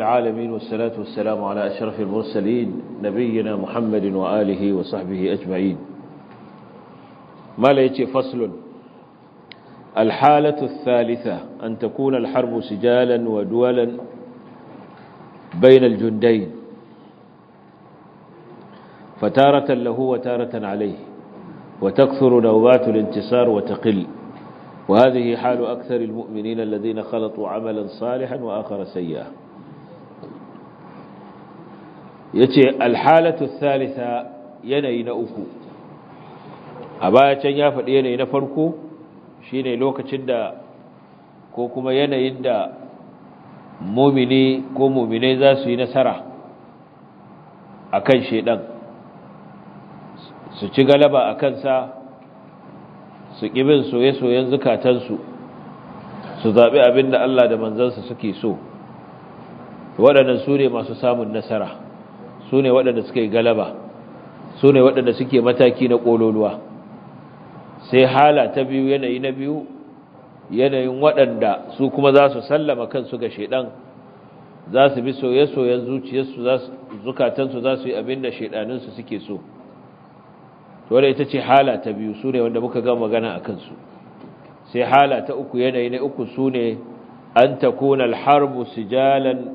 العالمين والصلاة والسلام على أشرف المرسلين نبينا محمد وآله وصحبه أجمعين ما ليتي فصل الحالة الثالثة أن تكون الحرب سجالا ودولا بين الجندين فتارة له وتارة عليه وتكثر نوبات الانتصار وتقل وهذه حال أكثر المؤمنين الذين خلطوا عملا صالحا وآخر سيئا yace alhalatu Salisa yanayi na uku a baya can ya faɗi yanayi na farko shine lokacin da ko kuma yanayin da mumini ko mumine za su yi nasara akan shedan su ci galaba a kansa su ƙibin soye-soyen zukatansu su zaɓi abin da Allah da manzansa suke so waɗannan su ne masu samun nasara su ne waɗanda suka yi galaba su ne waɗanda suke mataki na ƙololuwa sai hala ta biyu yanayi na biyu yanayin waɗanda su kuma za su sallama kansu ga shaidan za su bi soye-soyen zuciyarsu zukatansu za su yi abin da shaidaninsu suke so wadda ita ce hala ta biyu su ne wanda muka ga magana a kansu sai hala ta uku yanayi na uku su ne an ta kuna alharbu sijalan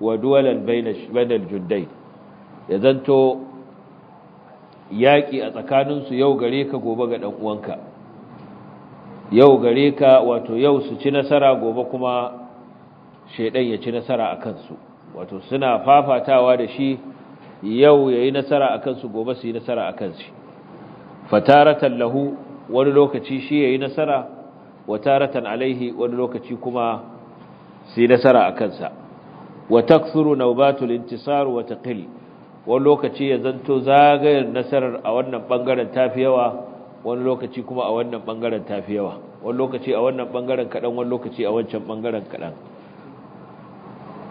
wa duwalan juddai ya zanto yaƙi a tsakaninsu yau gare ka gobe ga ɗan'uwanka yau gare ka wato yau su ci nasara gobe kuma shaidan ya ci nasara a kansu wato suna fafatawa da shi yau ya yi nasara a kansu gobe su yi nasara a kansu fataratan lahu wani lokaci shi ya yi nasara wataratan alaihi wani lokaci kuma su yi nasara a kansa wa taksuru naubatul intisaru wa taqil wani lokaci ya zanto zagayar nasarar a wannan bangaren tafi yawa wani lokaci kuma a wannan bangaren tafi yawa wani lokaci a wannan ɓangaren kaɗan, wani lokaci a wancan ɓangaren kaɗan.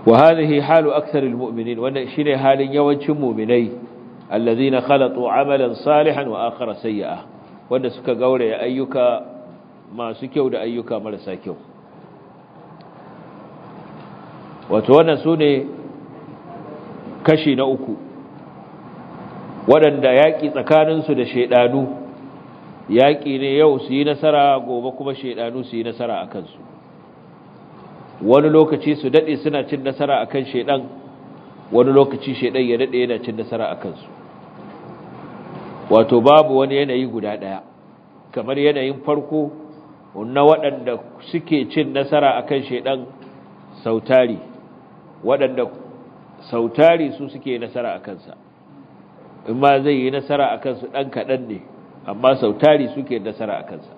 wa halu aktharil mu'minin wannan shine halin yawancin mu'minai allazina khalatu amalan salihan wa akhara sayyi'a wanda suka gauraya ayyuka masu kyau da ayyuka marasa kyau wato wannan sune kashi na uku waɗanda yaƙi tsakaninsu da shaidanu yaƙi ne yau su yi nasara gobe kuma shaidanu su yi nasara a kansu wani lokaci su daɗe suna cin nasara a kan shaidan wani lokaci shaidan ya daɗe yana cin nasara a kansu wato babu wani yanayi guda ɗaya kamar yanayin farko na waɗanda suke cin nasara a kan shaidan sautari waɗanda sautari su suke nasara a kansa in ma zai yi nasara a kansu ɗan kaɗan ne amma sau tari suke nasara a kansa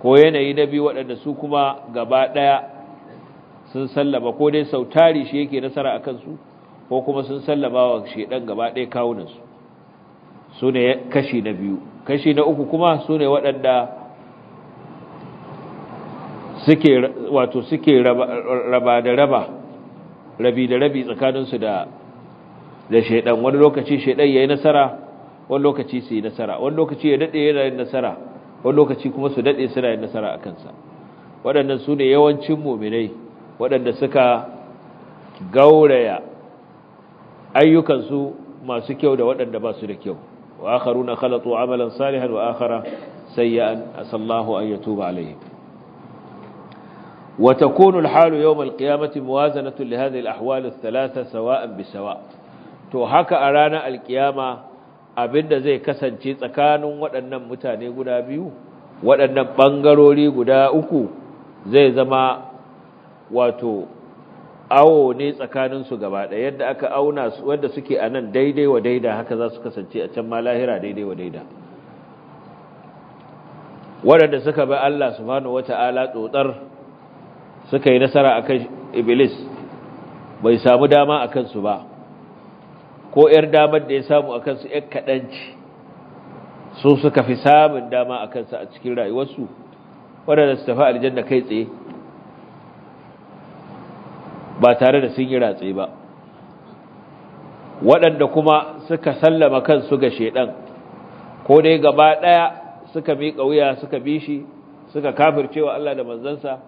ko yanayi na biyu waɗanda su kuma gaba ɗaya sun sallama ko dai sau tari shi yake nasara a kansu ko kuma sun sallama wa ɗan gaba ɗaya kawunansu su ne kashi na biyu kashi na uku kuma su ne waɗanda suke wato suke raba da raba rabi da rabi tsakaninsu da da shaidan wani lokaci shaidan yi nasara wani lokaci su yi nasara wani lokaci ya daɗe yana yin nasara wani lokaci kuma su daɗe suna yin nasara a kansa waɗannan su ne yawancin muminai waɗanda suka gauraya ayyukansu masu kyau da waɗanda ba su da kyau wa akharuna khalatu amalan salihan wa ya an asallahu an yatuba alaihim وتكون الحال يوم القيامة موازنة لهذه الأحوال الثلاثة سواء بسواء to haka a ranar alkiyama abinda zai kasance tsakanin waɗannan mutane guda biyu waɗannan ɓangarori guda uku zai zama wato awo ne tsakaninsu gaba da yadda aka auna su wanda suke a nan daidai wa daida haka za su kasance a can ma lahira daidai wa daida waɗanda suka bi Allah subhanahu wata'ala tsotsar suka yi nasara akan iblis bai samu dama akan su ba ko ‘yar damar da ya samu a kansu ‘yan kaɗanci su suka fi samun dama a kansu a cikin rayuwarsu waɗanda su tafi aljanna kai tsaye ba tare da sun yi ratse ba waɗanda kuma suka sallama kansu ga shaidan ko dai gaba ɗaya suka miƙa wuya suka bi shi suka kafircewa Allah da manzansa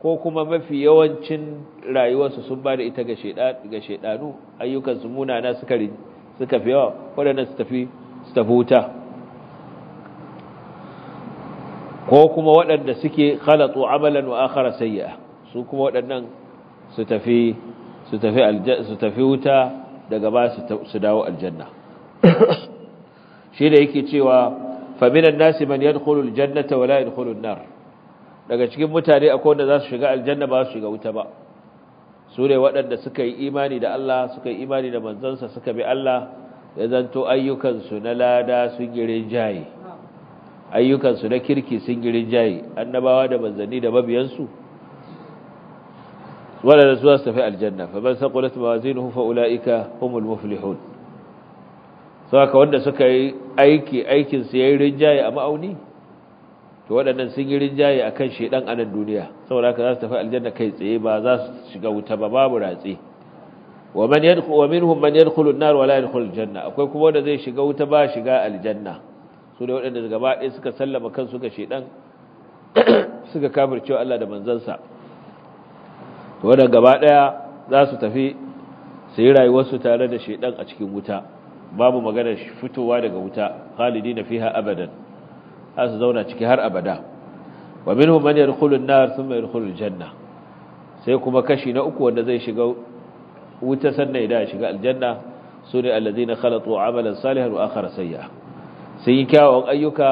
ko kuma mafi yawancin rayuwarsu sun ba da ita ga shaidanu ayyukansu munana suka suka fi yawa waɗanda su tafi su tafi wuta ko kuma waɗanda suke khalatu amalan wa akhara sayya su kuma waɗannan su tafi su tafi su tafi wuta daga ba su dawo aljanna shi da yake cewa fa minan nasi man yadkhulu aljannata wa la yadkhulu an-nar daga cikin mutane akwai wanda za su shiga aljanna ba su shiga wuta ba su ne waɗanda suka yi imani da Allah suka yi imani da manzansa suka bi Allah ya zanto ayyukansu na lada sun gire jaye ayyukansu na kirki sun gire jaye annabawa da manzanni da mabiyansu waɗanda su za su tafi aljanna fa man saqulat mawazinuhu fa ulaika humul muflihun saka wanda suka yi aiki aikin su yayin rinjaye a ma'auni to waɗannan sun yi rinjaye akan shaidan a nan duniya saboda haka za su tafi aljanna kai tsaye ba za su shiga wuta ba babu ratsi wa man yadkhulu wa minhum man yadkhulu an-nar wa la yadkhulu janna akwai kuma wanda zai shiga wuta ba shiga aljanna su da waɗanda gaba ɗaya suka sallama kansu ga shedan suka kafirce Allah da manzansa to wanda gaba ɗaya za su tafi su yi rayuwarsu tare da shedan a cikin wuta babu maganar fitowa daga wuta khalidina fiha abadan za su zauna ciki har abada wa minhu man yadkhulu an-nar thumma yadkhulu al-janna sai kuma kashi na uku wanda zai shiga wuta sannan idan shiga aljanna sune allazina khalatu amalan salihan wa akhar sayyi'a sai yi kyawawan ayyuka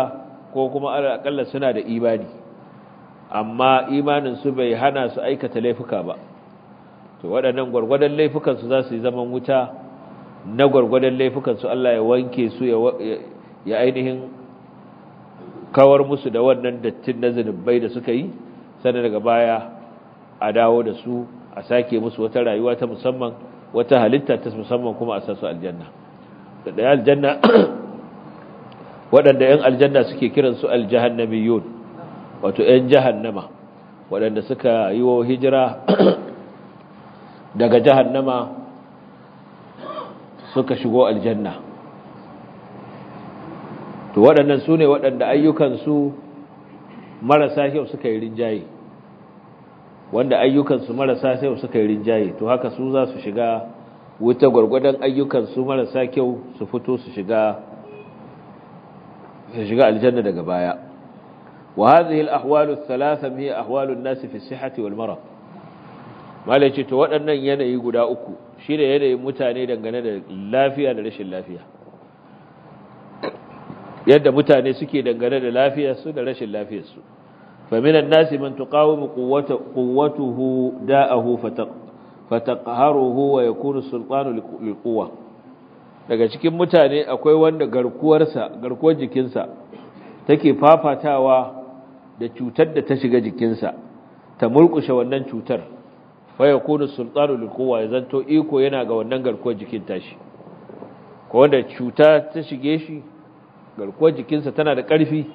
ko kuma akalla suna da imani amma imanin su bai hana su aikata laifuka ba to waɗannan gwargwadon laifukan su za su yi zaman wuta na gwargwadon laifukan su Allah ya wanke su ya ainihin kawar musu da wannan dattin na zunubai da suka yi sannan daga baya a dawo da su a sake musu wata rayuwa ta musamman wata halitta ta musamman kuma a sasu aljanna da ɗaya aljanna waɗanda 'yan aljanna suke kiransu yun, wato 'yan jahannama waɗanda suka yi wa hijira daga jahannama suka shigo aljanna to waɗannan su ne waɗanda ayyukansu marasa kyau suka yi rinjaye wanda ayyukansu marasa kyau suka yi rinjaye to haka su za su shiga wuta gwargwadon ayyukansu marasa kyau su fito su shiga su shiga aljanna daga baya wa hadhihi al-ahwalu ath-thalatha hiya ahwalu an-nas fi sihhati wal-marad to waɗannan yanayi guda uku shine yanayin mutane dangane da lafiya da rashin lafiya yadda mutane suke dangane da lafiyarsu da rashin lafiyarsu faminan nasi man tuqawimu quwwatuhu da'ahu fataqharuhu wa yakunu sultanu liquwa daga cikin mutane akwai wanda sa garkuwar jikinsa take fafatawa da cutar da ta shiga jikinsa ta murkushe wannan cutar fa yakunu sultanu idan to iko yana ga wannan garkuwar jikin tashi ko wanda cuta ta shige shi garkuwar jikinsa tana da ƙarfi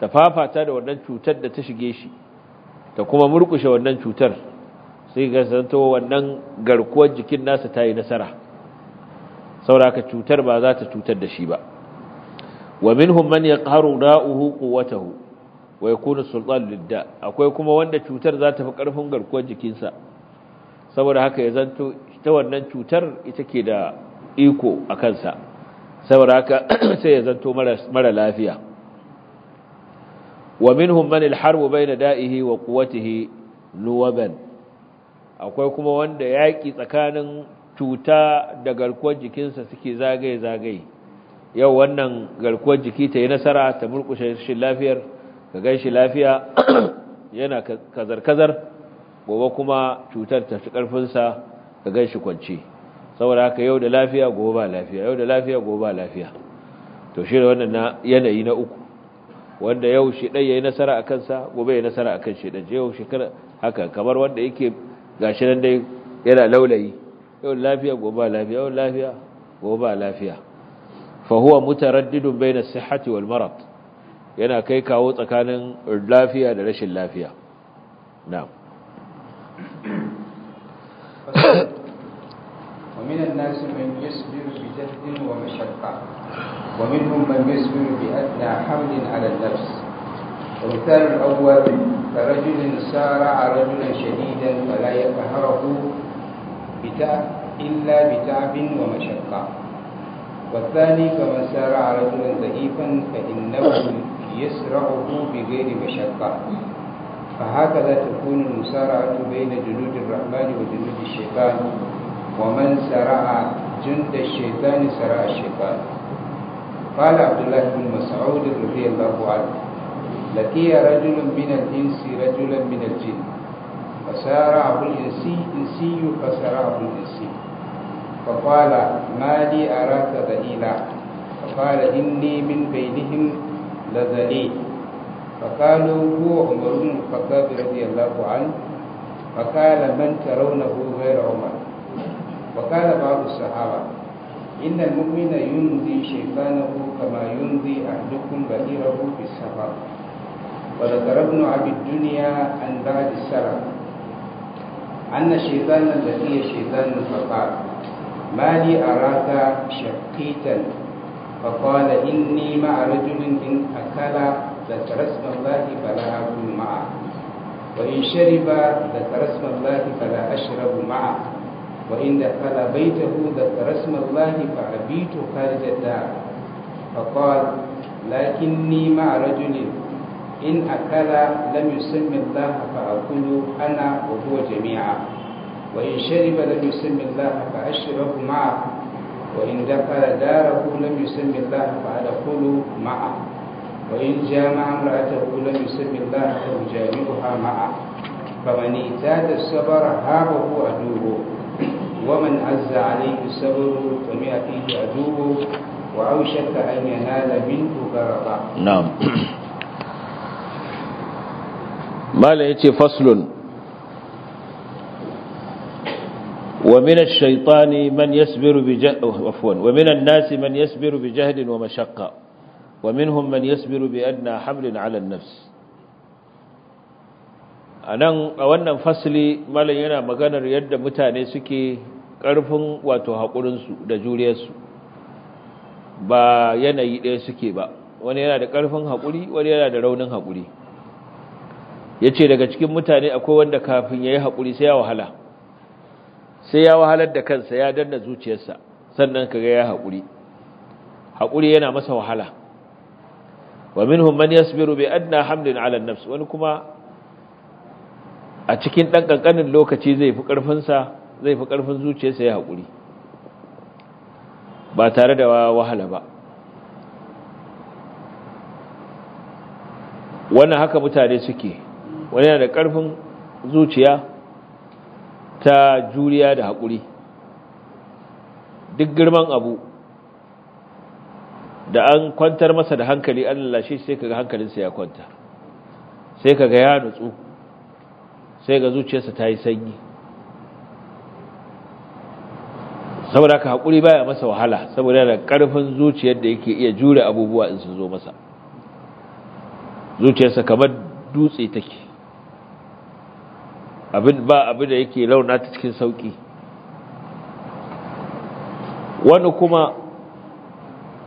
ta fafata da wannan cutar da ta shige shi ta kuma murkushe wannan cutar sai ga zanto wannan garkuwar jikin nasa ta yi nasara sauraka cutar ba za ta cutar da shi ba wa minhum man yaqharu da'uhu quwwatahu wa yakunu sultan lidda akwai kuma wanda cutar za ta fi karfin garkuwar jikinsa saboda haka ya zanto ta wannan cutar ita ke da iko a kansa saboda haka sai ya zanto mara lafiya wa minhum man alharbu bayna da'ihi wa quwwatihi nuwaban akwai kuma wanda yaki tsakanin cuta da garkuwar jikinsa suke zagaye zagaye yau wannan garkuwar jiki ta yi nasara ta murkushe shi lafiyar ka gan lafiya yana kazar-kazar gobe kuma cutar ta fi ƙarfinsa ka gan shi kwanci saboda haka yau da lafiya gobe ba lafiya yau da lafiya gobe ba lafiya to shi wannan yanayi na uku wanda yau shi dai yayi nasara a kansa gobe yayi nasara akan shi dan yau shekara haka kamar wanda yake gashi nan dai yana laulayi yau lafiya gobe ba lafiya yau lafiya gobe ba lafiya fa huwa mutaraddidun bayna sihhati wal marad yana kai kawo tsakanin lafiya da rashin lafiya na'am ومن الناس من يصبر بجهد ومشقة ومنهم من يصبر بأدنى حمل على النفس ومثال الأول كرجل سارع رجلا شديدا فلا يقهره إلا بتعب ومشقة والثاني كمن سارع رجلا ضعيفا فإنه يسرعه بغير مشقة فهكذا تكون المسارعة بين جنود الرحمن وجنود الشيطان ومن سرع جند الشيطان سرع الشيطان قال عبد الله بن مسعود رضي الله عنه لقي رجل من الإنس رجلا من الجن فسارعه الإنسي إنسي فسارعه الإنسي فقال ما لي أراك ذليلا فقال إني من بينهم لذليل فقالوا هو عمر بن الخطاب رضي الله عنه فقال من ترونه غير عمر وقال بعض الصحابة إن المؤمن ينذي شيطانه كما ينذي أحدكم بئره في السفر وذكر ابن عبد الدنيا عن بعد السلف أن الشيطان الذي شيطان فقال ما لي أراك شقيتا فقال إني مع رجل إن أكل ذكر اسم الله فلا أكل معه وإن شرب ذكر اسم الله فلا أشرب معه وإن دخل بيته ذكر اسم الله فأبيت خارج الدار فقال لكني مع رجل إن أكل لم يسم الله فأكل أنا وهو جميعا وإن شرب لم يسم الله فأشرب معه وإن دخل داره لم يسم الله فأدخل معه وإن جامع امرأته لم يسم الله فأجامعها معه فمن اعتاد الصبر هابه عدوه ومن عز عليه السبب فيه عدوه وأوشك أن ينال منه برقا نعم ما لقيت فصل ومن الشيطان من يسبر بجهد عفوا ومن الناس من يسبر بجهد ومشقة ومنهم من يسبر بأدنى حمل على النفس a nan a wannan fasili malam yana maganar yadda mutane suke ƙarfin wato haƙurinsu da juriyarsu ba yanayi ɗaya suke ba wani yana da ƙarfin haƙuri wani yana da raunin haƙuri ya ce daga cikin mutane akwai wanda kafin ya yi haƙuri sai ya wahala sai ya wahalar da kansa ya danna zuciyarsa sannan ka ga ya haƙuri haƙuri yana masa wahala wa minhum man yasbiru bi adna hamlin ala nafs wani kuma a cikin ɗan ƙanƙanin lokaci zai fi ƙarfinsa zai fi ƙarfin zuciyarsa ya haƙuri ba tare da wahala ba wannan haka mutane suke wani yana da ƙarfin zuciya ta juriya da haƙuri duk girman abu da an kwantar masa da hankali an shi sai kaga hankalinsa ya kwanta sai kaga ya nutsu sai ga zuciyarsa ta yi sanyi saboda ka haƙuri baya masa wahala saboda da ƙarfin zuciyar da yake iya jure abubuwa in su zo masa zuciyarsa kamar dutse take abin ba abin da yake launa ta cikin sauƙi wani kuma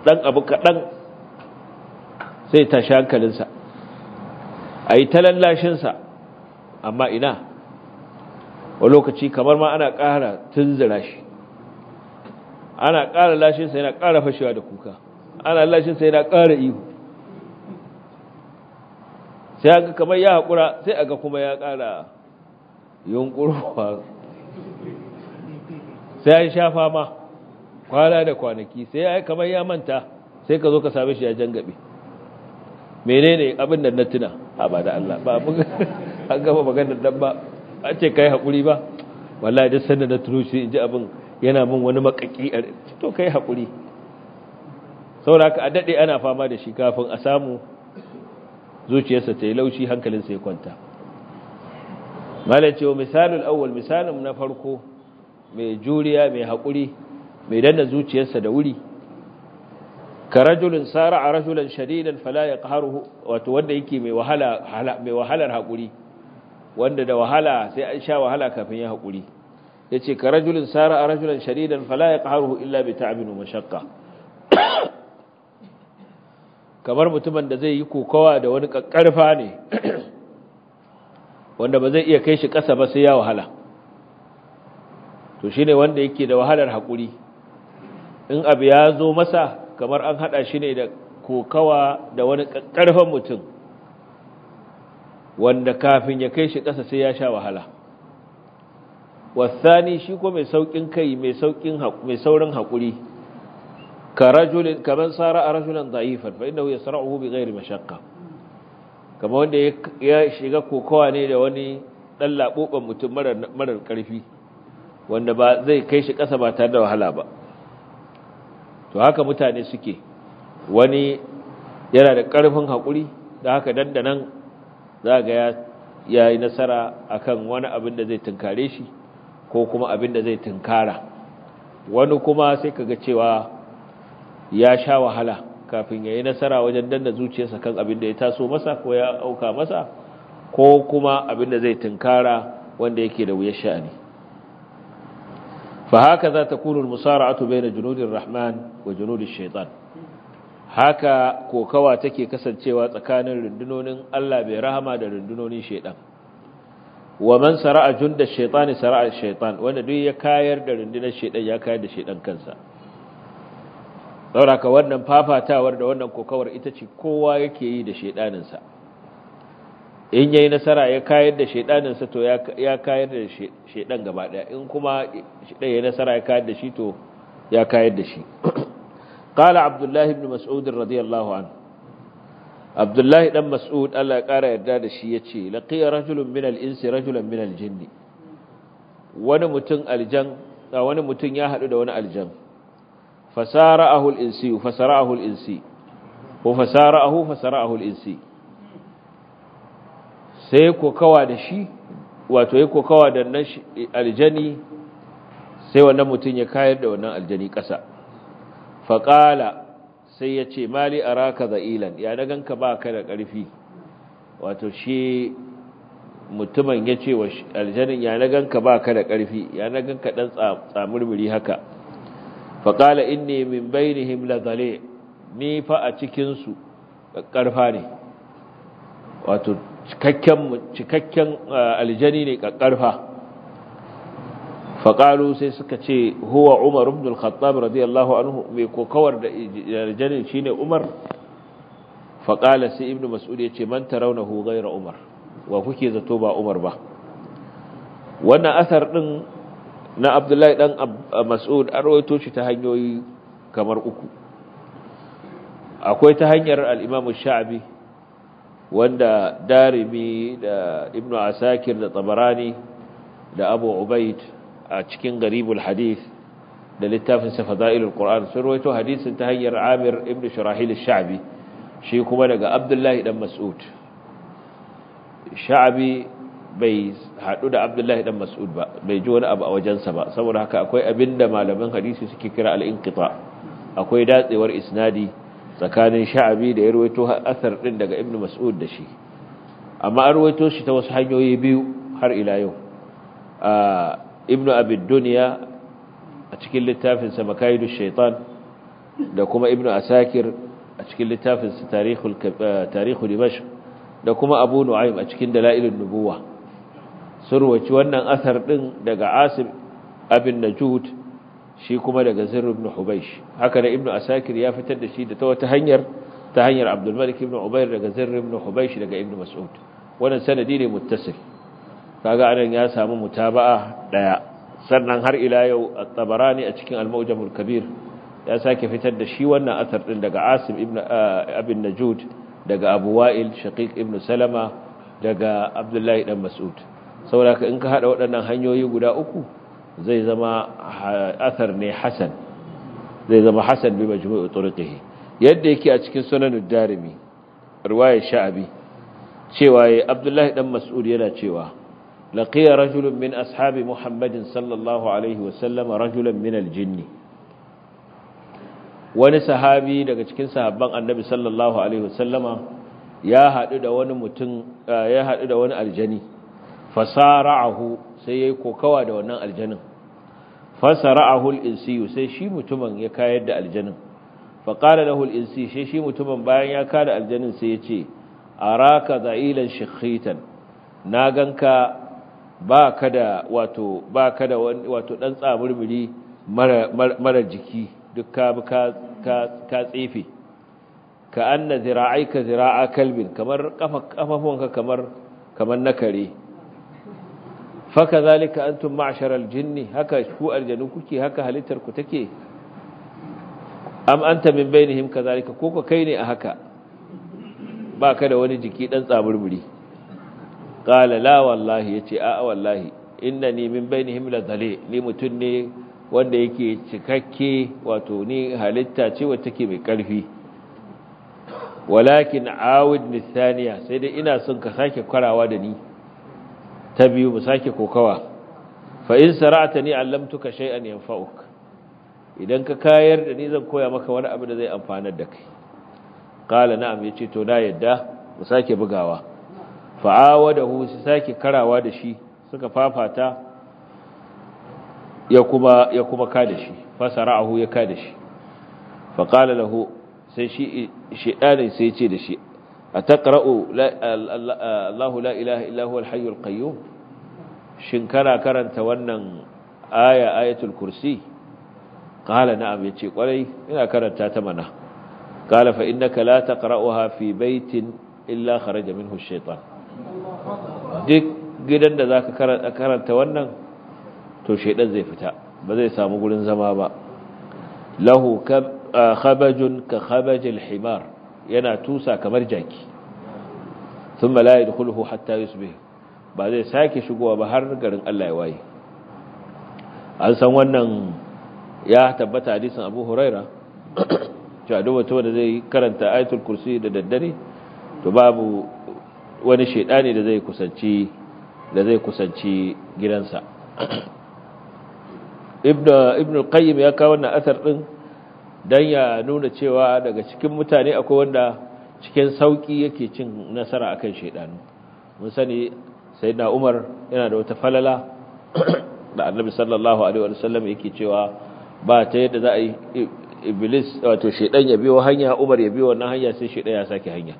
ɗan abu kaɗan sai ta hankalinsa a yi talallashinsa amma ina wa lokaci kamar ma ana ƙara tunzira shi ana ƙara lashinsa yana ƙara fashewa da kuka ana lashinsa yana ƙara ihu sai ga kamar ya haƙura sai ga kuma ya ƙara yunƙurwa sai an shafa ma kwana da kwanaki sai ya kamar ya manta sai ka zo ka same shi ya jangabe menene abin da na tuna a ba da Allah ba an gaba maganar dan ba a ce kai hakuri ba wallahi da sanda na tuno shi inji abin yana min wani makaki a to kai hakuri saboda a dade ana fama da shi kafin a samu zuciyarsa ta yi laushi hankalinsa ya kwanta malace wa misalul awwal misalin na farko mai juriya mai hakuri mai danna zuciyarsa da wuri ka rajulun sara a rajulun shadidan fala ya wato wanda yake mai wahalar haƙuri wanda da wahala sai an sha wahala kafin ya haƙuri ya ce ka rajulin sara a rajulan shadidan fala ya ƙaharuhu illa bi ta'abin wa mashakka kamar mutumin da zai yi kokawa da wani ƙarfa ne wanda ba zai iya kai shi ƙasa ba sai ya wahala to shi ne wanda yake da wahalar haƙuri in abu ya zo masa kamar an haɗa shi ne da kokawa da wani ƙarfan mutum wanda kafin ya kai shi ƙasa sai ya sha wahala wasani shi ko mai saukin kai mai saukin mai saurin hakuri ka rajulin kaman sara a rajulan da'ifan fa innahu yasra'uhu bi ghairi mashaqqa kamar wanda ya shiga kokawa ne da wani dan laboban mutum marar marar karfi wanda ba zai kai shi ƙasa ba tare da wahala ba to haka mutane suke wani yana da ƙarfin hakuri da haka dandanan za ga ya yi nasara a kan wani abin da zai tunkare shi ko kuma abin da zai tunkara wani kuma sai ka ga cewa ya sha wahala kafin ya yi nasara wajen danna zuciyarsa kan abin da ya taso masa ko ya auka masa ko kuma abin da zai tunkara wanda yake da wuyar sha'ani fa haka za ta kunu musara'atu bayna junudin rahman wa junudin shaitan haka kokawa take kasancewa tsakanin rundunonin Allah bai rahama da rundunonin shaidan wa man sara'a junda shaytani sara'a shaytan wanda duk ya kayar da rundunar shaidan ya kayar da shaidan kansa ka wannan fafatawar da wannan kokawar ita ce kowa yake yi da shaidaninsa in yayi nasara ya kayar da shaidaninsa to ya kayar da shaidan gaba daya in kuma shaidan yayi nasara ya kayar da shi to ya kayar da shi قال عبد الله بن مسعود رضي الله عنه عبد الله بن مسعود الله يقرأ يداد شي لقي رجل من الإنس رجلا من الجن wani mutum wani mutum ya hadu da wani aljan fasara'ahu al-insi fasara'ahu al-insi ko sai ko kawa da shi wato yake kokawa da nan aljani sai wannan mutum ya kayar da wannan aljani ƙasa faƙala sai ya ce mali a raka za'ilan ya na ganka ba ka da ƙarfi wato shi mutumin ya ce wa aljanin ya na ganka ba ka da ƙarfi ya na ganka ɗan tsamurmuri haka faƙala in ne min bainihim lazale ni fa a cikinsu ƙarfa ne wato cikakken eh, aljani ne ƙarfa faƙalu sai suka ce huwa umar Abdul al-khattab radiyallahu anhu mai kokawar da janin shine umar faƙala sai ibn mas'ud ya ce man tarawnahu ghayra umar wa kuke zato ba umar ba wannan asar din na abdullahi dan mas'ud an rawaito shi ta hanyoyi kamar uku akwai ta hanyar al sha'abi wanda darimi da ibnu asakir da tabarani da abu ubaid a cikin garibul hadith da littafin sa fadailul qur'an sun ruwaito hadisin ta hanyar amir ibn shurahil sha'bi shi kuma daga abdullahi dan mas'ud sha'bi bai hadu da abdullahi dan mas'ud ba bai ji wani abu a wajensa ba saboda haka akwai abinda malaman hadisi suke kira al-inqita akwai datsewar isnadi tsakanin sha'abi da ya ruwaito asar ɗin daga ibn mas'ud da shi amma an ruwaito shi ta wasu hanyoyi biyu har ila yau ah, ibnu abid a cikin littafinsa makaidu shaitan da kuma ibnu asakir a cikin littafinsa tarihu eh, dimash da kuma abu nu'aym a cikin dala'ilin nubuwa surwaci wannan asar din daga asim abin najud shi kuma daga zirr ibn haka da ibnu asakir ya fitar da shi da ta wata hanyar ta hanyar Abdulmalik ibn daga zirr ibn daga ibnu mas'ud wannan sanadi ne muttasil kaga anan ya samu mutaba'a daya sannan har ila yau at-tabarani a cikin al mujamul kabir ya sake fitar da shi wannan asar din daga Asim ibn eh, Abin Najud daga Abu Wa'il Shaqiq ibn Salama daga Abdullahi dan Mas'ud saboda in ka hada waɗannan hanyoyi guda uku zai zama eh, asar ne hasan zai zama hasan bi majmu'i turqihi yadda yake a cikin sunan darimi riwayar sha'abi cewa Abdullahi dan Mas'ud yana cewa laqiya rajulun min ashabi muhammadin sallallahu alaihi wasallam rajulun min aljinni wani sahabi daga cikin sahabban annabi sallallahu alaihi wasallama ya hadu da wani mutum ya haɗu da wani aljani fasara'ahu sai yayi kokawa da wannan aljanin fasara'ahu al-insiyu sai shi mutumin ya kayar da aljanin fa faqala lahu al-insi sai shi mutumin bayan ya kada aljanin sai ya ce araka za'ilan shikhitan na ganka ba ka da wato ba ka da wato dan tsamurmuri mara mara jiki duk ka ka ka tsefe ka anna zira'aika zira'a kalbin kamar kafafunka kamar kamar na kare faka zalika antum ma'sharal jinni haka ku aljanu kuke haka halittar ku take am anta min bainihim kazalika ko kai ne a haka Ba ka da wani jiki dan tsaburburi qala la wallahi yace a wallahi innani min bainihim la zale ni mutun ne wanda yake cikakke wato ni halitta ce wacce take mai karfi walakin awid nisaniya sai dai ina son ka sake kwarawa da ni ta biyu mu sake kokawa fa in sara'tani allamtuka shay'an yanfa'uk idan ka kayar da ni zan koya maka wani abu da zai amfanar da kai qala na'am yace to na yadda mu sake bugawa fa'awadahu su sake karawa da shi suka fafata ya kuma ka da shi fasara'ahu ya ka da shi fa qala lahu sai shi shedanin sai ce da shi A ataqra'u Allahu la ilaha illa huwa al shin kana karanta wannan aya ayatul kursi Ƙala na'am ya ce kwarai ina karanta ta mana Ƙala fa innaka la taqra'uha fi baitin illa kharaja minhu ash-shaytan duk gidan da za ka karanta wannan to shaidan zai fita ba zai samu gurin zama ba lahu khabajun ka khabajil himar yana tusa kamar jaki malayi da kulhu hatta yusbih ba zai sake shigowa ba har garin Allah ya waye an san wannan ya tabbata hadisin Abu Huraira cewa duk wanda zai karanta ayatul kursi da daddare to babu wani shaidani da zai kusanci da zai kusanci gidansa ibn al-qayyim ya kawo wannan asar din dan ya nuna cewa daga cikin mutane akwai wanda cikin sauki yake cin nasara akan ne mun sani sayyidina umar yana da wata falala da annabi sallallahu alaihi wasallam yake cewa ba ta yadda za a yi iblis wato shaidan ya biyo hanya umar ya biyo wannan hanya sai shaidan ya sake hanya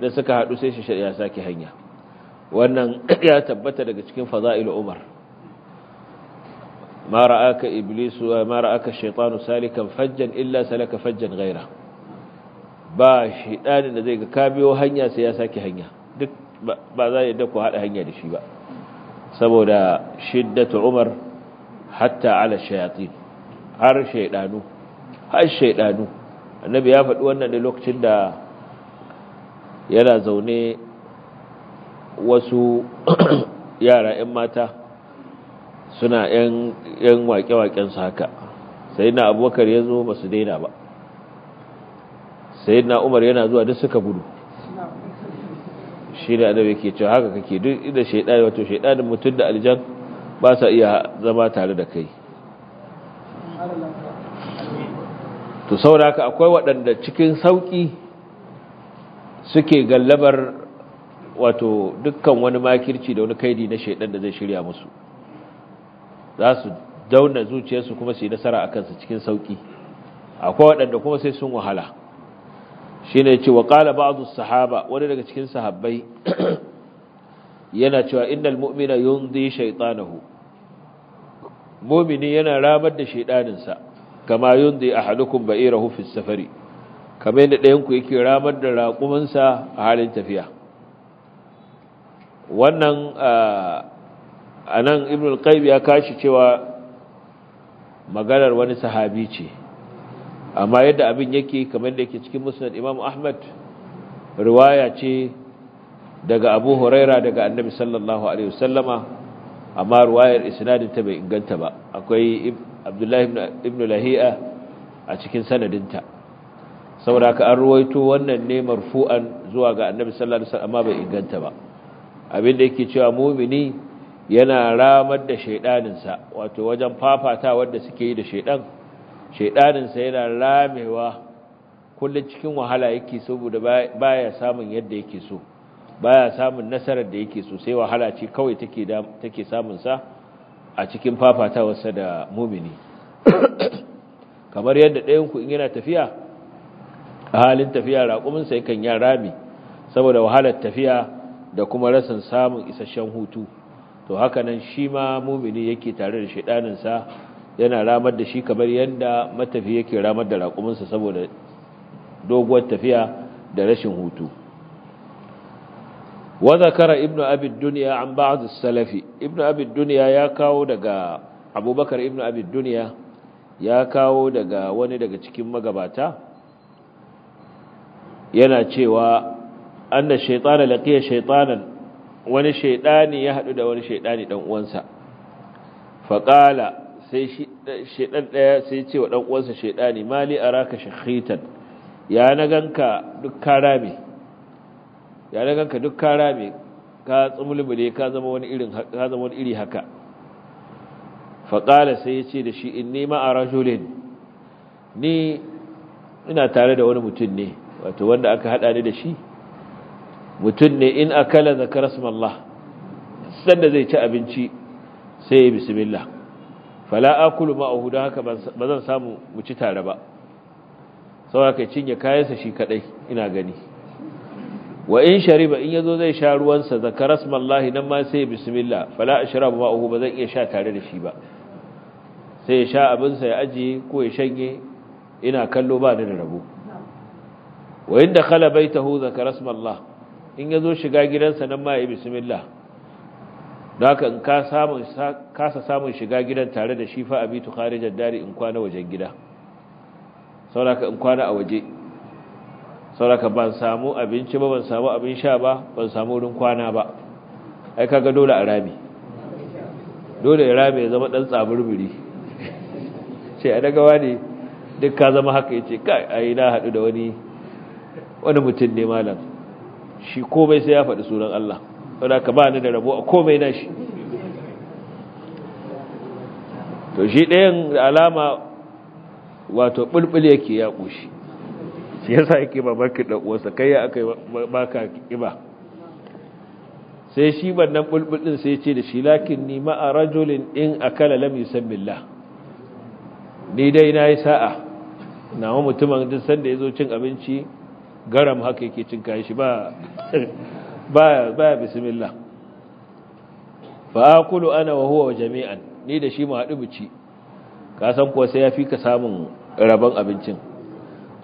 da suka haɗu sai shi shari'a sake hanya wannan ya tabbata daga cikin Faza'il umar ma ra'aka Iblis, wa eh, ma ra'aka shaytanu salikan fajjan illa salaka fajjan ghaira ba shi shaytani da zai ga kabiyo hanya sai ya sake hanya duk ba za ya dako hada hanya da shi ba saboda shiddatu umar hatta ala shayatin har shaydanu har shaydanu annabi ya faɗi wannan da lokacin da yana zaune wasu yara 'yan mata suna 'yan waƙe su haka sai na abubakar ya zo ba su daina ba sai na umar yana zuwa duk suka gudu shi da annabi ke cewa haka kake duk inda shaidani wato shaidanin mutum da aljan ba sa iya zama tare da kai to saboda akwai waɗanda cikin sauƙi suke gallabar wato dukkan wani makirci da wani kaidi na shaidan da zai shirya musu za su dauna zuciyarsu kuma su yi nasara a kansu cikin sauki akwai waɗanda kuma sai sun wahala shi ne ce wa ƙala su sahaba wani daga cikin sahabbai yana cewa al mu'mina yunzi shaitanahu!" mu'mini yana ramar da shaidaninsa kama a halukun ba'irahu fi safari kamar yadda ɗayanku yake ramar da raƙumansa a halin tafiya wannan a nan ibn al ya kashi cewa maganar wani sahabi ce amma yadda abin yake kamar yadda yake cikin musnad imam ahmad riwaya ce daga abu huraira daga annabi sallallahu alaihi wasallama amma riwayar isnadin ta bai inganta ba akwai abdullahi ibn lahi'a a cikin sanadinta saboda ka an ruwaito wannan ne marfu'an zuwa ga annabi sallallahu alaihi wasallam amma bai inganta ba abinda da yake cewa mumini yana ramar da shaidaninsa wato wajen fafata wanda suke yi da shaidan shaidaninsa yana ramewa kullum cikin wahala yake saboda baya samun yadda yake so baya samun nasarar da yake so sai wahala ce kawai take take samun sa a cikin fafatawarsa da mumini kamar yadda ɗayan ku in yana tafiya a halin tafiya raƙumin sai yakan ya rami saboda wahalar tafiya da kuma rasin samun isasshen hutu to haka nan shi ma mumini yake tare da shaidaninsa sa yana ramar da shi kamar yadda matafi yake ramar da raƙumin saboda doguwar tafiya da rashin hutu wa zakara ibnu abi dunya an ba'd as-salafi ibnu abi dunya ya kawo daga abubakar ibnu abi dunya ya kawo daga wani daga cikin magabata yana cewa da shaytana laqiya shaytanan wani shaydani ya hadu da wani shaydani dan uwansa faqala sai shaydan daya sai ya ce wa dan uwansa shaydani mali araka shakhitan ya naganka duk karame ya naganka duk karame ka tsumulmule ka zama wani irin ka zama wani iri haka Faƙala sai ya ce da shi inni a rajulin ni ina tare da wani mutum ne wato wanda aka hada ni da shi mutum ne in akala zakara smallah sanda zai ci abinci sai ya bismillah fala akulu ma'ahu don haka ba zan samu mu ci tare ba sau aka cinye kayansa shi kadai ina gani wa in shariba in yazo zai sha ruwansa zakara smallah nan ma sai ya bismillah fala ashrabu ma'ahu ba zan iya sha tare da shi ba sai ya sha abinsa ya ajiye ko ya shanye ina kallo ba ni da rabo wa inda khala baitahu zakara smallah in yazo shiga gidansa nan ma ya bismillah haka in ka samu kasa samun shiga gidan tare da shi fa abitu kharijan dari in kwana wajen gida sauraka in kwana a waje sauraka ban samu abinci ba ban samu abin sha ba ban samu wurin kwana ba ai kaga dole a rami dole ya rami ya zama dan tsaburburi ce a daga wani duk ka zama haka yace kai ai na hadu da wani wani mutum ne malam shi komai sai ya faɗi sunan Allah wadda ka ba ni da rabo a komai na shi to shi ɗayan alama wato ɓulɓul yake ya ƙushi shi yasa yake ba baki da uwarsa kai ya aka yi baka ba sai shi bannan ɓulɓul din sai ce da shi lakin ni ma a rajulin in akala san yusammillah ni dai na yi sa'a nawa mutumin da ya zo cin abinci garam haka yake cin kayan shi ba ya bismillah fa akulu ana wa huwa jami'an ni da shi mu haɗu bici ka san kuwa sai ya fi ka samun rabon abincin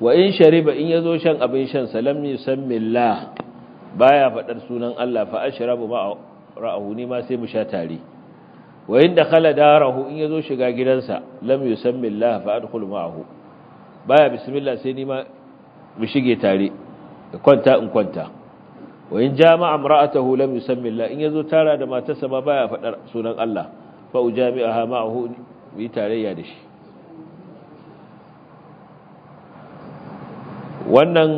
wa in shariba in yazo shan abin shan salam Ba baya fadar sunan Allah fa ashrabu ma ra'ahu ni ma sai mu sha tare wa in dakhala darahu in yazo shiga gidansa lam yusammillah fa adkhulu ma'ahu baya bismillah sai ni ma mu shige tare kwanta in kwanta wa in jama'a imra'atahu lam yusammi Allah in yazo tara da matarsa ma baya fadar sunan Allah fa ujami'aha ma'ahu bi tarayya da shi wannan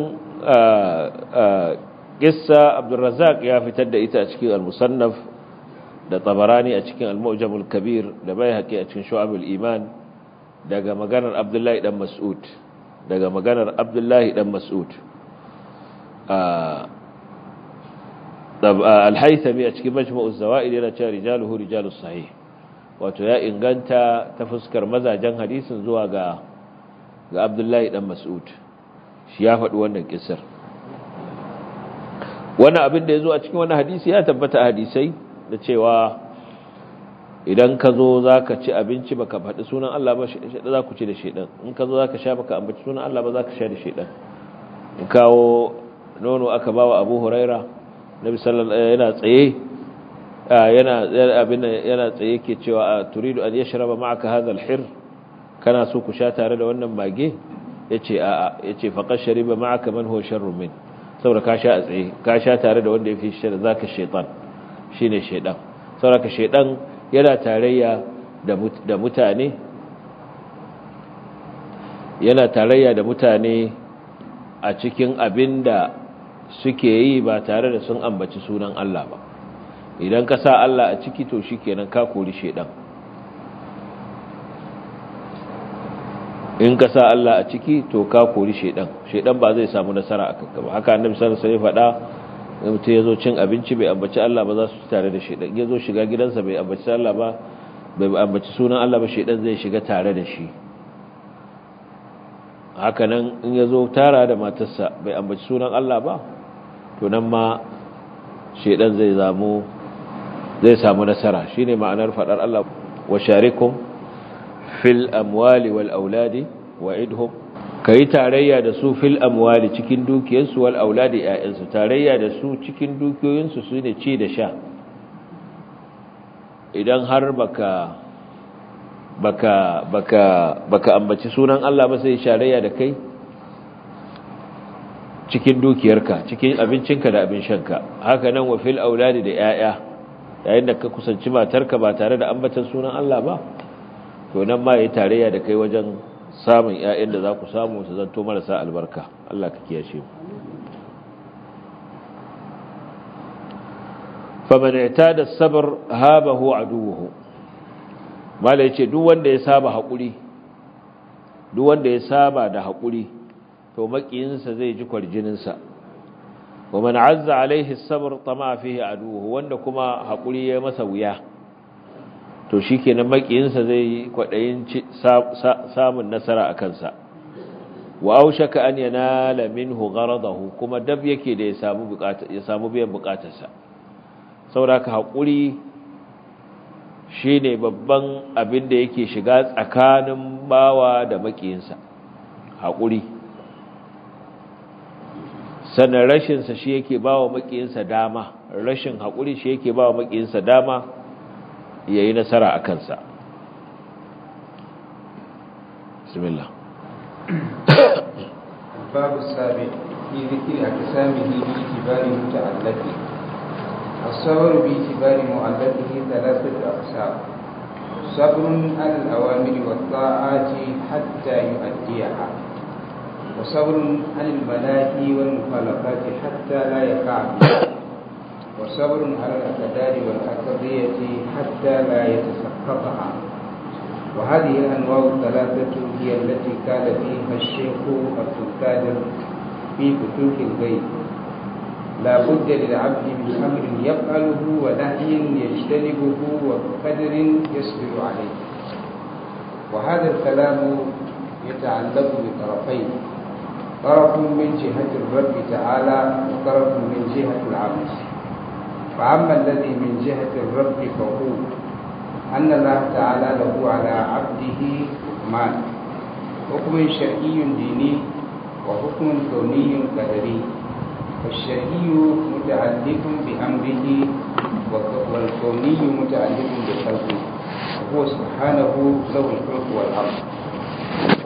kissa Abdurrazzaq ya fitar da ita a cikin al-Musannaf da Tabarani a cikin al-Mu'jam al-Kabir da Baihaqi a cikin Shu'ab al-Iman daga maganar Abdullahi dan Mas'ud daga maganar abdullahi dan mas'ud alhaithami a cikin majma'uz zawa'id yana cewa rijaluhu rijalus sahih wato ya inganta ta fuskar mazajen hadisin zuwa ga abdullahi dan mas'ud shi ya faɗi wannan kisar wani abin da ya zo a cikin wani hadisi ya tabbata hadisai da cewa idan ka zo za ka ci abinci ba ka faɗi sunan Allah ba shaɗa za ku ci da shaɗan in ka zo za ka sha ba ka ambaci sunan Allah ba za ka sha da shaɗan in kawo nono aka ba wa abu huraira na yana tsaye yana tsaye ke cewa a turidu an yashraba ma'aka hadha alhir kana so ku sha tare da wannan mage yace a a yace faqad shariba ma'aka man huwa sharrun saboda ka sha a tsaye ka sha tare da wanda ya fi yafi shi zaka shaytan shine shaydan saboda ka shaydan yana tarayya da mutane yana tarayya da mutane a cikin abin da suke yi ba tare da sun ambaci sunan Allah ba idan ka sa Allah a ciki to shi kenan ka kori shedan in ka sa Allah a ciki to ka kori shedan shedan ba zai samu nasara a kanka haka annabi sallallahu alaihi wasallam ya faɗa mutum ya zo cin abinci bai ambaci Allah ba za su tare da shi ya zo shiga gidansa bai ambaci Allah ba bai ambaci sunan Allah ba dan zai shiga tare da shi haka nan in ya zo tara da matarsa bai ambaci sunan Allah ba to nan ma shaidan zai zamu zai samu nasara shine ma'anar fadar Allah wa sharikum fil amwali wal auladi wa idhum ka yi tarayya da su fil amwali cikin dukiyarsu wal auladi tarayya da su cikin dukiyoyinsu su ne ci da sha idan har baka baka baka baka ambaci sunan Allah ba sai sharayya da kai cikin dukiyarka cikin abincinka da abin shanka haka nan wa fil auladi da 'ya'ya yayin da ka kusanci matarka ba tare da ambatan sunan Allah ba to nan ma yayi tarayya da kai wajen samun ‘ya'yan da za ku samu su zanto marasa albarka Allah ka kiyashe mu famanita da sabar habahu a duhu mala ce duk wanda ya saba haƙuri duwanda ya saba da haƙuri to maƙiyinsa zai ji kwarjininsa wa man azza alaihi sabar tama fihi duhu, wanda kuma haƙuri ya masa wuya to shi kenan makiyinsa zai yi kwaɗayin samun nasara a kansa wa aushaka an lamin minhu gharadahu kuma dab yake da ya samu biyan bukatarsa haƙuri shi shine babban abin da yake shiga tsakanin bawa da makiyinsa Haƙuri sannan rashin shi yake bawa makiyinsa dama rashin haƙuri shi yake bawa makiyinsa dama yayi nasara a kansa bismillah babu sami yi zikir a ka sami hibi itibari mutu allafi a sauru bi itibari mu allafi yi talafin da sa sabon al'awamir wata aji hatta yi addiya ha wa sabon al'amalaki wani falafati hatta laye ka abuwa وصبر على الأقدار والأقضية حتى لا يتسقطها وهذه الأنواع الثلاثة هي التي قال فيها الشيخ عبد القادر في كتب البيت لا بد للعبد من أمر يفعله ونهي يجتنبه وقدر يصبر عليه وهذا الكلام يتعلق بطرفين طرف من جهة الرب تعالى وطرف من جهة العبد فأما الذي من جهة الرب فهو أن الله تعالى له على عبده حكمان حكم شرعي ديني وحكم كوني قدري فالشرعي متعلق بأمره والكوني متعلق بخلقه وهو سبحانه له الحكم والأمر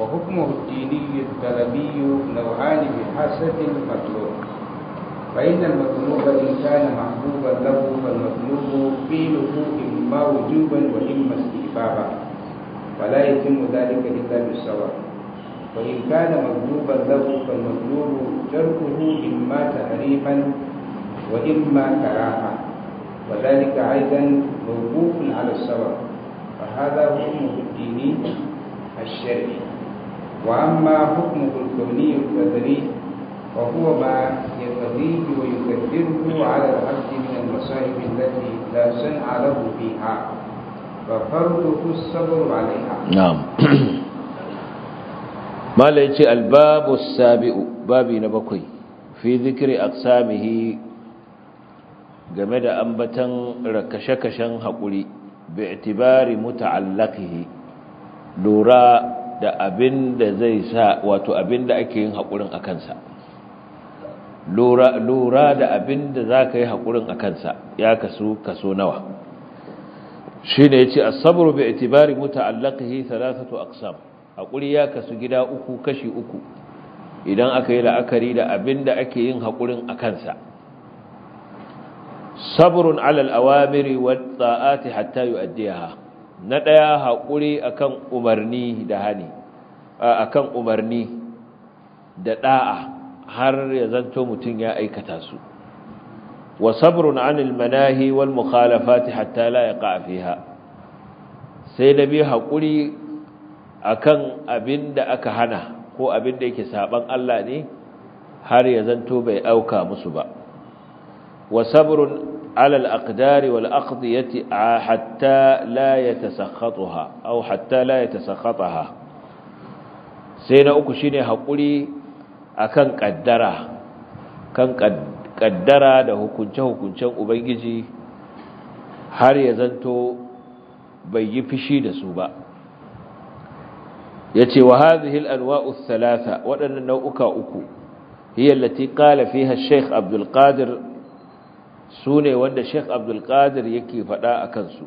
وحكمه الديني الطلبي نوعان بحسب المطلوب فإن المطلوب إن كان محبوبا له فالمطلوب فعله إما وجوبا وإما استحبابا ولا يتم ذلك إلا بالسواء وإن كان مطلوبا له فالمطلوب تركه إما تحريما وإما كراهة وذلك أيضا موقوف على السواء فهذا حكمه الديني الشرعي وأما حكمه الكوني القدري وهو ما يقتضيه ويكدره على العبد من المصائب التي لا سنع له فيها ففرده الصبر عليها نعم ما ليتي الباب السابع بابي نبقي في ذكر أقسامه game da ambatan rakashe-kashen haƙuri bi itibari muta'allaqihi lura da abin da zai sa wato abin da ake yin haƙurin a kansa lura da abin da za ka yi haƙurin a kansa ya kasu kaso nawa shi ne ya ce a saboda bi itibari muta'allaqihi salasatu aksam haƙuri ya kasu gida uku kashi uku idan aka yi la'akari da abin da ake yin haƙurin a kansa sabrun alal awamiri wa tsa'ati hatta yu'addiha na ɗaya haƙuri akan umarni da hani akan umarni da ɗa'a har ya zanto mutum ya aikata su wa sabrun anil manahi wal mukhalafati hatta la yaqa fiha sai da bi hakuri akan abinda aka hana ko abinda yake saban Allah ne har ya zanto bai auka musu ba wa sabrun على الأقدار والأقضية حتى لا يتسخطها أو حتى لا يتسخطها سينا أكشيني akan kaddara kan kaddara da hukunce-hukuncen ubangiji har ya zanto bai yi fishi da su ba yace wa hadhihi al-anwa'u ath-thalatha wadannan nau'uka uku hiya allati qala fiha sheikh Abdul Qadir sune wanda Sheikh Abdul Qadir yake fada akan su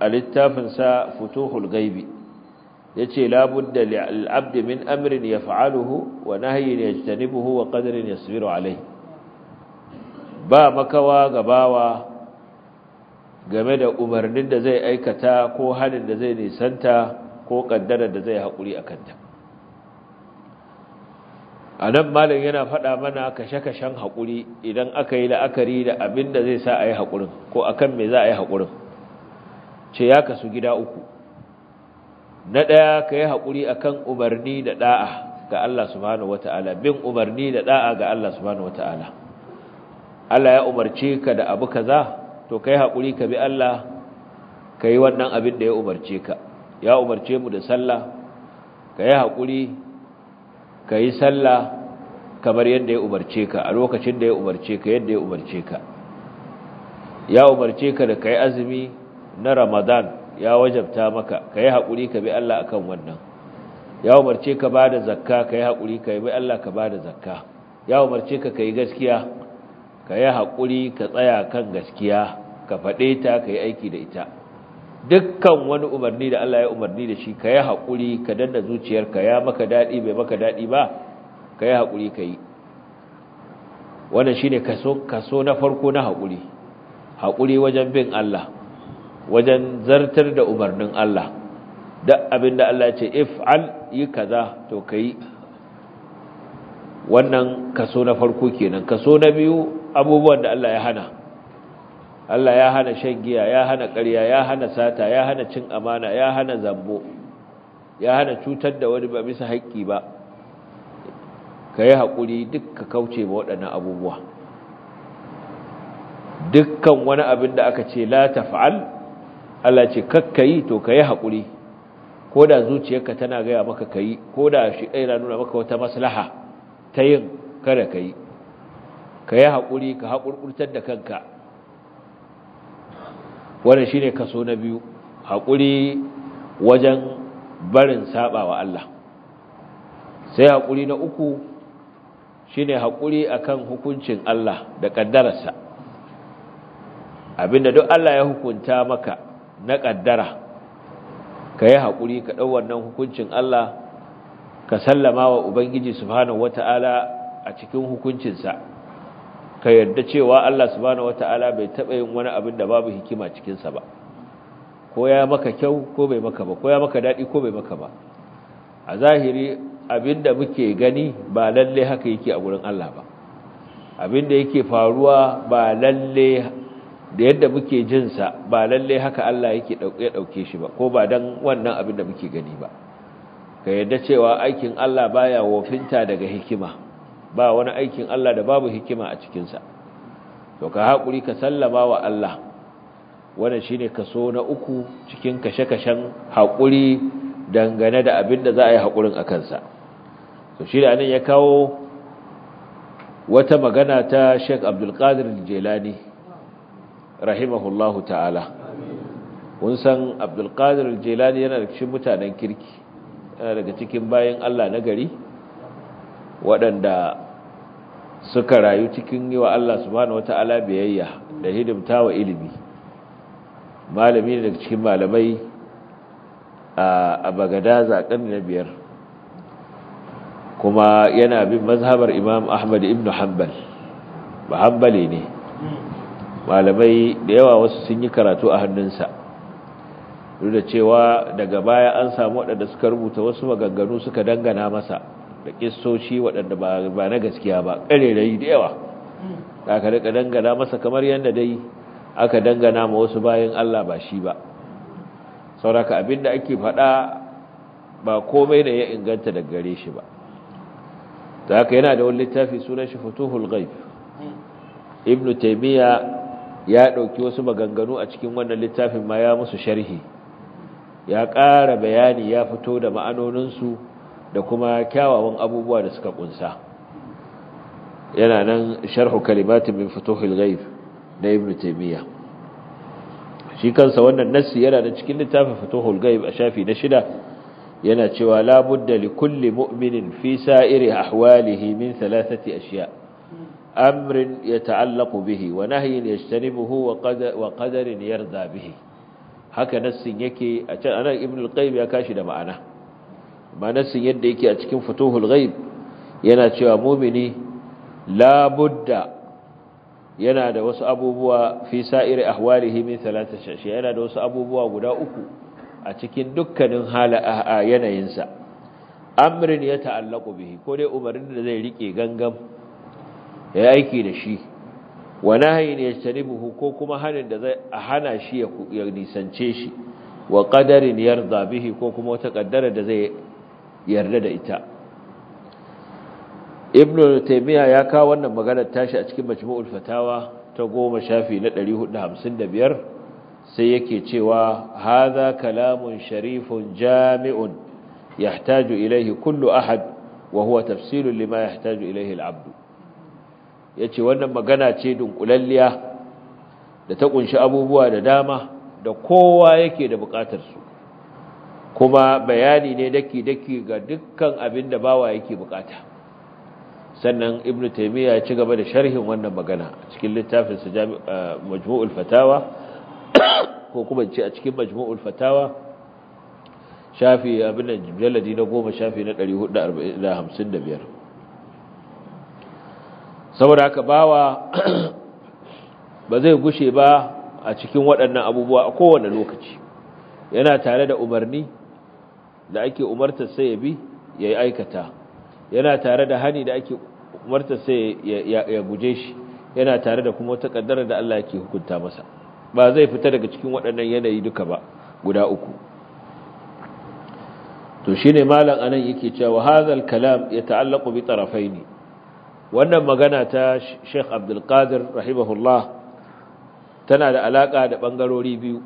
a littafin sa Futuhul Ghaibi yace ce budda lil abd min ya fa’aluhu wa nahyin buhu wa qadarin yasiru alai ba makawa gabawa game da umarnin da zai aikata ko hanin da zai nisanta ko ƙaddara da zai haƙuri a kanta a nan malin yana faɗa mana kashe-kashen haƙuri idan aka yi la'akari da abin da zai sa a yi haƙurin ko a kan mai za a yi haƙurin ce ya kasu gida uku na daya haƙuri hakuri akan umarni da ɗa'a ga Allah subhanahu wataala bin umarni da ɗa'a ga Allah subhanahu wataala Allah ya umarce ka da abu kaza to ka yi haƙuri ka bi Allah ka yi wannan abin da ya umarce ka ya umarce mu da sallah haƙuri ka yi sallah kamar yadda ya umarce ka a lokacin da ya umarce ka yadda ya umarce ka ya umarce ka da yi azumi na Ramadan ya wajabta maka ka yi haƙuri ka bi Allah akan wannan ya umarce ka ba da zakka ka yi haƙuri ka bi Allah ka ba da zakka ya umarce ka ka yi gaskiya ka yi haƙuri ka tsaya kan gaskiya ka faɗe ta ka yi aiki da ita dukkan wani umarni da Allah ya umarni da shi ka yi haƙuri ka danna zuciyarka ya maka daɗi bai maka daɗi ba ka yi haƙuri ka yi wannan shi ne kaso na farko na haƙuri haƙuri wajen bin Allah wajen zartar da umarnin Allah da abinda Allah ce if'al yi kaza to kai wannan kaso na farko kenan kaso na biyu abubuwan da Allah ya hana Allah ya hana shan giya ya hana ƙarya ya hana sata ya hana cin amana ya hana zambo ya hana cutar da wani ba bisa haƙƙi ba ka yi haƙuri duk ka kauce ba waɗannan abubuwa dukkan wani abin da aka ce la taf'al Allah ce kakkayi to ka yi haƙuri ko da zuciyarka tana gaya maka ka yi, ko da shi ɗaya nuna maka wata maslaha ta yin kada ka yi, ka yi haƙuri ka haƙurƙurtar da kanka shi shine kaso na biyu haƙuri wajen barin saba wa Allah sai haƙuri na uku shine haƙuri akan hukuncin Allah da ƙaddararsa abinda duk Allah ya hukunta maka na ƙaddara ka yi haƙuri ka ɗau wannan hukuncin Allah ka sallama wa Ubangiji subhanahu wata'ala a cikin hukuncinsa ka yarda cewa Allah subhanahu wata'ala bai taɓa yin wani abin da babu hikima cikinsa ba ko ya maka kyau ko bai maka ba ko ya maka daɗi ko bai maka ba a zahiri abin da muke gani ba lalle haka yake a gurin Allah ba abin da yake faruwa ba lalle da yadda muke jin sa, ba lalle haka Allah yake ya dauke shi ba ko ba dan wannan abin da muke gani ba ka yadda cewa aikin Allah baya wofinta daga hikima ba wani aikin Allah da babu hikima a cikin sa to ka hakuri ka sallama wa Allah wannan shine kaso na uku cikin kashe-kashen hakuri dangane da abin da za a yi hakurin akan sa to shi da anan ya kawo wata magana ta Sheikh Abdul Qadir Jilani rahimahullahu ta'ala kun san abdulkadir jilani yana daga cikin mutanen kirki yana daga cikin bayan allah na gari waɗanda suka rayu cikin yi wa allah subhanahu wata'ala biyayya da hidimta wa ilimi malami ne daga cikin malamai a bagada zaƙen na biyar kuma yana bin mazhabar imam ahmad ibn hanbal ba hanbali ne malamai da yawa wasu sun yi karatu a hannunsa duk da cewa daga baya an samu waɗanda suka rubuta wasu maganganu suka dangana masa da ƙistoci waɗanda ba na gaskiya ba ƙarerayi da yawa aka daga dangana masa kamar yadda dai aka dangana ma wasu bayan Allah ba shi ba sauraka da ake faɗa ba komai da ya inganta da gare shi ba da haka yana da wani littafi sunan shi fatuhul ghaib ibnu taymiya ya ɗauki wasu maganganu a cikin wannan littafin ma ya musu sharhi ya ƙara bayani ya fito da ma'anoninsu da kuma kyawawan abubuwa da suka ƙunsa yana nan sharhu kalimatin min fituhil ghaib na ibnu taymiya shi kansa wannan nassi yana da cikin littafin futuhul ghaib a shafi na shida yana cewa labudda li kulli mu'minin fi sa'iri ahwalihi min thalathati ashiya' amrin ta'allaku bihi wa nahyin yajtanibuhu wa qadar wa yarda bihi haka nassin yake a can anan ibn al-qayyim ya kashi da ma'ana ma nassin yadda yake a cikin futuhul ghaib yana cewa mu'mini la budda yana da wasu abubuwa fi sa'iri ahwalihi min thalathati ashiya yana da wasu abubuwa guda uku a cikin dukkanin hala yanayinsa amrin ya ta'allaqu bihi ko dai umarin da zai rike gangam ya aiki da shi wa nahyin buhu ko kuma hanin da zai hana shi ya nisance shi wa qadarin yarda zabihi ko kuma wata kaddara da zai yarda da ita ibnu taymiya ya kawo wannan maganar tashi a cikin majmu'ul fatawa ta goma shafi na 455 sai yake cewa haza kalamun sharifun jami'un yahtaju ilaihi kullu ahad wa huwa tafsilun lima yahtaju ilayhi al ya ce wannan magana ce dunkulalliya da ta kunshi abubuwa da dama da kowa yake da bukatarsu kuma bayani ne daki-daki ga dukkan abin da bawa yake bukata sannan ibn taimiyya ya ci gaba da sharhin wannan magana a cikin littafinsa majmu'ul fatawa ko kuma ce a cikin majmu'ul fatawa shafi abin da jaladi na goma shafi na 1455 saboda haka bawa ba zai gushe ba a cikin waɗannan abubuwa a kowane lokaci yana tare da umarni da ake umartar sai ya bi ya aikata yana tare da hani da ake umartar sai ya guje shi yana tare da kuma wata ƙaddara da Allah yake hukunta masa ba zai fita daga cikin waɗannan yanayi duka ba guda uku to shine malam anan yake cewa hadha kalam ya yata'allaqu bi tarafaini wannan magana ta Sheikh Abdul Qadir rahimahullah tana da alaƙa da bangarori biyu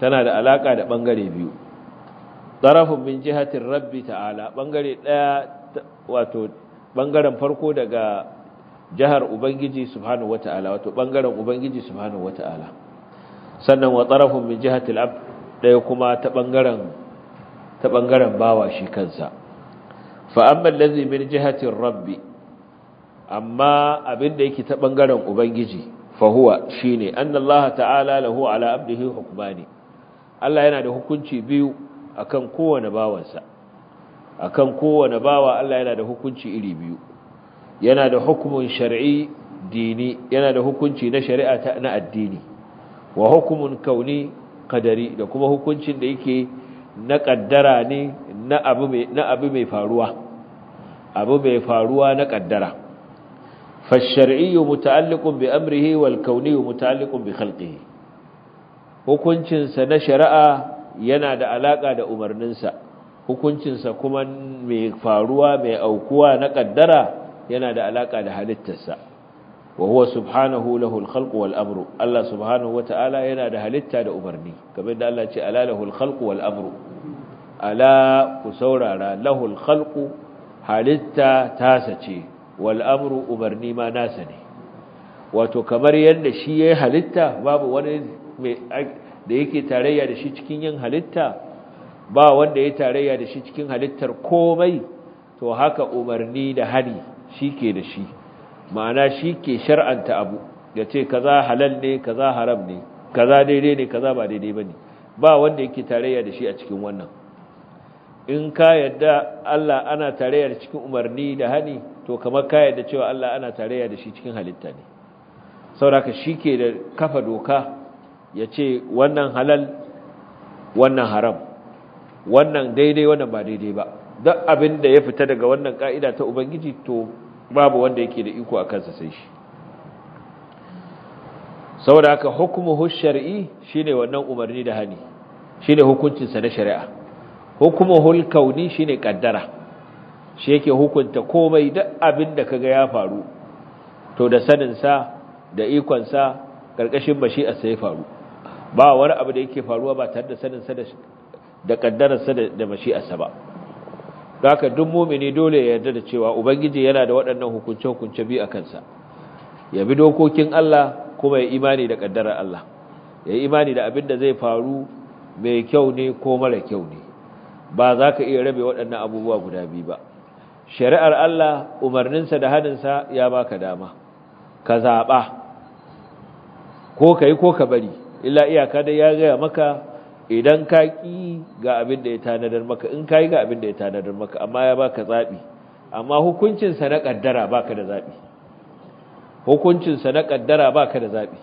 tana da alaka da bangare biyu tarafun min jihatin rabbi ta'ala ɓangare ɗaya wato ɓangaren farko daga jihar ubangiji subhanahu ta'ala wato ɓangaren ubangiji subhanahu ta'ala sannan wa tarafun min jihatil abd ɗaya kuma ta ɓangaren ta bangaren bawa shi kansa fa amma allazi min jihatir rabbi amma abin da yake ta bangaren ubangiji fahuwa shine annallaha ta'ala lahu ala abdihi hukmani Allah yana da hukunci biyu akan kowane bawansa akan kowane bawa Allah yana da hukunci iri biyu yana da hukumin shar'i dini yana da hukunci na shari'a ta na addini wa hukumin kauni kadari, da kuma hukuncin da yake na kaddara ne na abu mai na abu mai faruwa abu mai faruwa na kaddara fashar'iyyu muta'alliqun bi amrihi wal kauniyyu hukuncin sa na shari'a yana da alaka da umarninsa hukuncin sa kuma mai faruwa mai aukuwa na kaddara yana da alaka da halittarsa wa huwa subhanahu lahu al wal amru Allah subhanahu ta'ala yana da halitta da umarni kamar da Allah ce ala lahu al wal amru ala ku saurara lahu al halitta tasa ce wal amru umarni ma nasa ne wato kamar yadda shi yayi halitta babu wani da yake tarayya da shi cikin yin halitta ba wanda ya tarayya da shi cikin halittar komai to haka umarni da hani shike da shi ma'ana shi ke shar'anta abu yace kaza halal ne kaza haram ne kaza daidai ne kaza ba daidai bane ba wanda yake tarayya da shi a cikin wannan in ka yadda Allah ana tarayyar cikin umarni da hani to kamar ka da cewa Allah ana tarayya da shi cikin halitta ne sauraka shi ke da kafa doka ya ce wannan halal wannan haram wannan daidai wannan ba daidai ba don abin da ya fita daga wannan ka'ida ta ubangiji to babu wanda yake da iko a kansa sai shi saboda haka shari'i shi ne wannan umarni da hani Shi ne hukuncinsa na shari'a hulkauni shi ne ƙaddara shi yake hukunta komai duk abin da kaga ya faru to da saninsa da ikonsa ƙarƙashin a ya faru ba wani abu da yake faruwa ba tare da saninsa da ƙaddararsa da mashi'arsa ba haka duk mumini dole ya yarda da cewa ubangiji yana da waɗannan hukunce-hukunce biyu a kansa ya bi dokokin Allah kuma ya imani da ƙaddarar Allah ya yi imani da abin da zai faru mai kyau ne ko mara kyau ne ba za ka iya rabe waɗannan abubuwa guda biyu ba shari'ar Allah umarninsa da hadinsa ya baka dama ka zaɓa ko ka yi ko ka bari illa iyaka dai ya gaya maka idan ka ƙi ga abin da ya tanadar maka in ka yi ga abin da ya tanadar maka amma ya baka zaɓi amma hukuncinsa na ƙaddara baka da zaɓi hukuncinsa na ƙaddara baka da zaɓi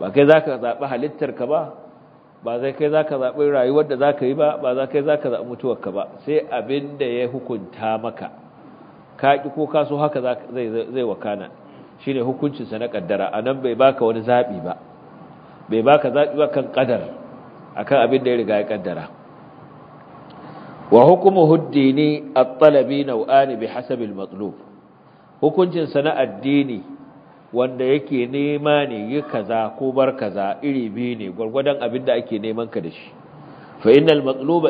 ba kai za ka zaɓi halittarka ba ba zai kai za ka zaɓi rayuwar da za ka yi ba ba za kai za ka zaɓi mutuwarka ba sai abin da ya hukunta maka ka ƙi ko ka so haka zai wakana shine ne hukuncinsa na a anan bai baka wani zaɓi ba bai baka zabi ba kan kadar akan abin da ya riga ya kaddara wa hukmuhu ad-dini at-talabi naw'an bi hasabi al na addini wanda yake nema ne yi kaza ko bar kaza iri biyu ne gwargwadon abin da ake neman ka da shi fa innal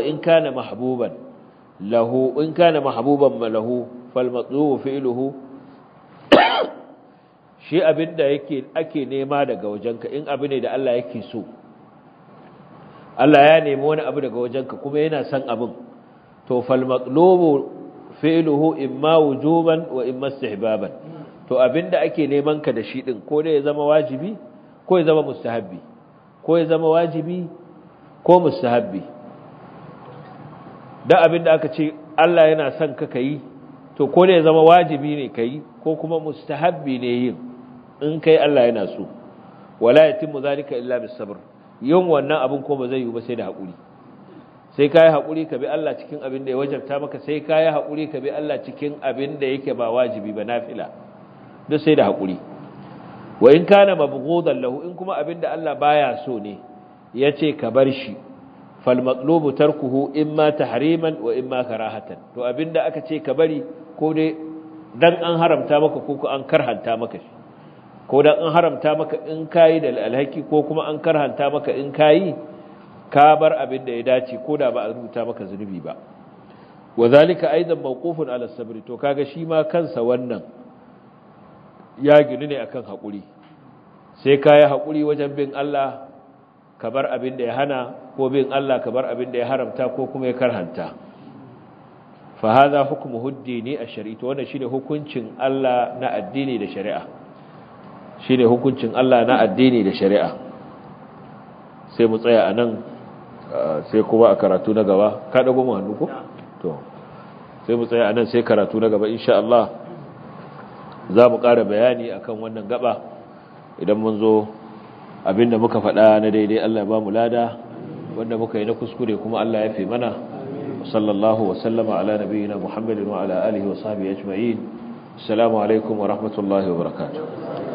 in kana mahbuban lahu in kana mahbuban malahu falmatsuhu fi'luhu shi abin yake ake nema daga wajenka in abu ne da Allah yake so Allah ya nemi wani abu daga wajenka kuma yana son abin to falmatsuhu fi'luhu imma wujuban wa imma istihbaban to abinda ake neman ka da shi din ko ne ya zama wajibi ko ya zama mustahabbi ko ya zama wajibi ko mustahabbi da abinda aka ce Allah yana son ka kai to ko da ya zama wajibi ne ka ko kuma mustahabbi ne yin in kai Allah yana so wala yatimmu zalika illa bis sabr yin wannan abin ko ba zai yi ba sai da hakuri sai kai hakuri ka bi Allah cikin abin da ya wajabta maka sai kai hakuri ka bi Allah cikin abin da yake ba wajibi ba nafila duk sai da hakuri wa in kana mabghudan lahu in kuma abin da Allah baya so ne yace ka bar shi falmatlubu tarkuhu imma tahriman wa imma karahatan to abinda aka ce ka bari ko dai dan an haramta maka ko ko an karhanta maka shi ko dan an haramta maka in kai da alhaki ko kuma an karhanta maka in kayi ka bar abinda ya dace ko da ba a rubuta maka zunubi ba wa zalika aidan mawqufun ala sabr to kaga shi ma kansa wannan ya gini ne akan hakuri sai kai hakuri wajen bin Allah kabar abin da ya hana ko bin Allah kabar abin da ya haramta ko kuma ya karhanta fa hadha hukmu huddini ash-shari'i to wannan shine hukuncin Allah na addini da shari'a shine hukuncin Allah na addini da shari'a sai mu tsaya anan uh, sai kuma a karatu na gaba ka dago mu hannu ko to sai mu tsaya anan sai karatu na gaba insha Allah za mu ƙara bayani akan wannan gaba idan mun zo abinda muka faɗa na daidai Allah ba mu lada wanda muka yi na kuskure kuma Allah ya fi mana sallallahu wa sallama ala nabiyyina Muhammadin wa ala alihi wa sahbihi ajma'in assalamu alaikum wa rahmatullahi wa barakatuh